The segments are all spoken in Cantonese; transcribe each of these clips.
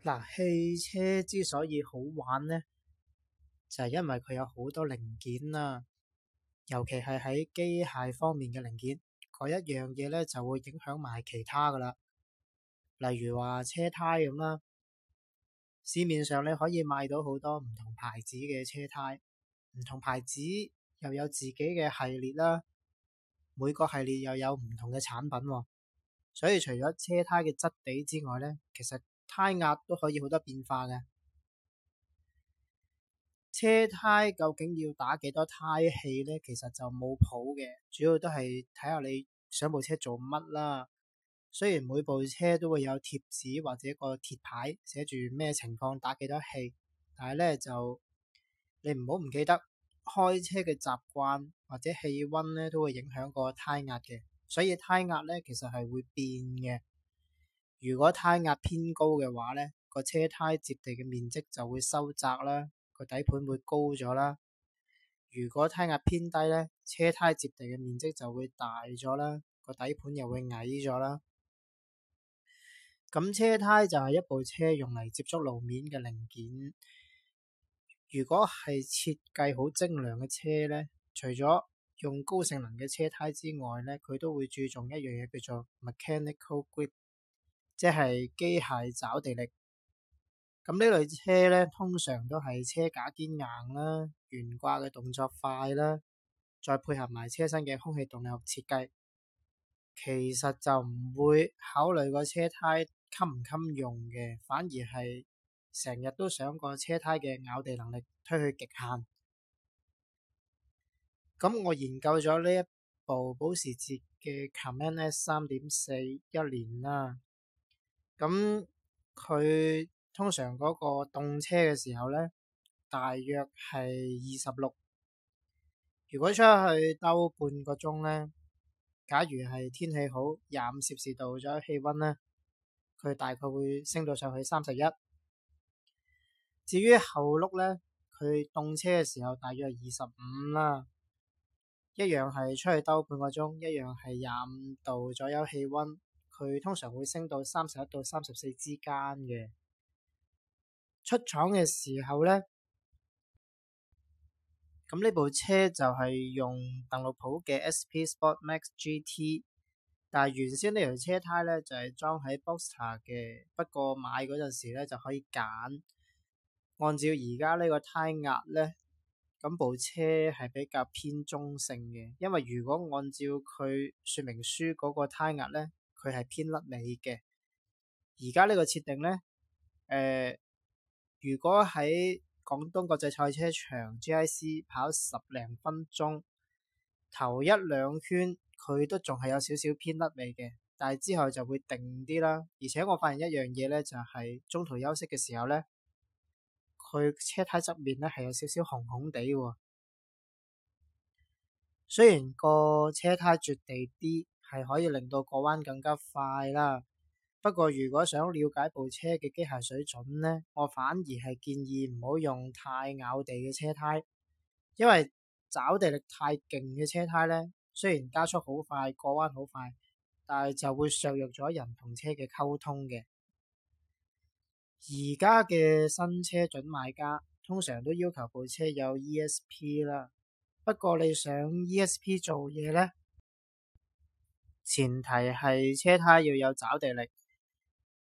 嗱，汽車之所以好玩呢，就係因為佢有好多零件啦，尤其係喺機械方面嘅零件，嗰一樣嘢呢，就會影響埋其他噶啦。例如話車胎咁啦，市面上你可以買到好多唔同牌子嘅車胎，唔同牌子又有自己嘅系列啦，每個系列又有唔同嘅產品喎，所以除咗車胎嘅質地之外呢，其實。胎壓都可以好多變化嘅，車胎究竟要打幾多胎氣呢？其實就冇譜嘅，主要都係睇下你上部車做乜啦。雖然每部車都會有貼紙或者個鐵牌寫住咩情況打幾多氣，但係呢，就你唔好唔記得開車嘅習慣或者氣温呢都會影響個胎壓嘅，所以胎壓呢其實係會變嘅。如果胎壓偏高嘅話呢，個車胎接地嘅面積就會收窄啦，個底盤會高咗啦；如果胎壓偏低呢，車胎接地嘅面積就，就會大咗啦，個底盤又會矮咗啦。咁車胎就係一部車用嚟接觸路面嘅零件。如果係設計好精良嘅車呢，除咗用高性能嘅車胎之外呢，佢都會注重一樣嘢叫做 mechanical grip。即係機械爪地力，咁呢類車咧，通常都係車架堅硬啦，懸掛嘅動作快啦，再配合埋車身嘅空氣動力學設計，其實就唔會考慮個車胎襟唔襟用嘅，反而係成日都想個車胎嘅咬地能力推去極限。咁我研究咗呢一部保時捷嘅 Cayman S 3.4一年啦。咁佢通常嗰個凍車嘅時候呢，大約係二十六。如果出去兜半個鐘呢，假如係天氣好，廿五攝氏度左右氣温呢，佢大概會升到上去三十一。至於後碌呢，佢凍車嘅時候大約二十五啦，一樣係出去兜半個鐘，一樣係廿五度左右氣温。佢通常會升到三十一到三十四之間嘅。出廠嘅時候呢，咁呢部車就係用鄧路普嘅 SP Sport Max GT，但係原先呢條車胎呢，就係裝喺 Boxster 嘅，不過買嗰陣時咧就可以揀。按照而家呢個胎壓呢。咁部車係比較偏中性嘅，因為如果按照佢說明書嗰個胎壓呢。佢係偏甩尾嘅，而家呢個設定呢，誒、呃，如果喺廣東國際賽車場 GIC 跑十零分鐘，頭一兩圈佢都仲係有少少偏甩尾嘅，但係之後就會定啲啦。而且我發現一樣嘢呢，就係中途休息嘅時候呢，佢車胎側面咧係有少少紅紅哋喎，雖然個車胎絕地啲。係可以令到過彎更加快啦。不過如果想了解部車嘅機械水準呢，我反而係建議唔好用太咬地嘅車胎，因為抓地力太勁嘅車胎呢，雖然加速好快，過彎好快，但係就會削弱咗人同車嘅溝通嘅。而家嘅新車準買家通常都要求部車有 ESP 啦。不過你想 ESP 做嘢呢，前提係車胎要有抓地力，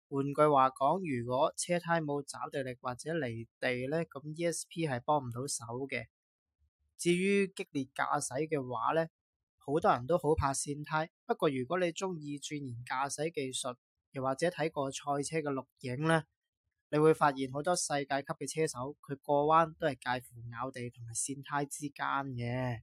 換句話講，如果車胎冇抓地力或者離地呢，咁 ESP 係幫唔到手嘅。至於激烈駕駛嘅話呢，好多人都好怕線胎。不過如果你鍾意鑽研駕駛技術，又或者睇過賽車嘅錄影呢，你會發現好多世界級嘅車手，佢過彎都係介乎咬地同埋線胎之間嘅。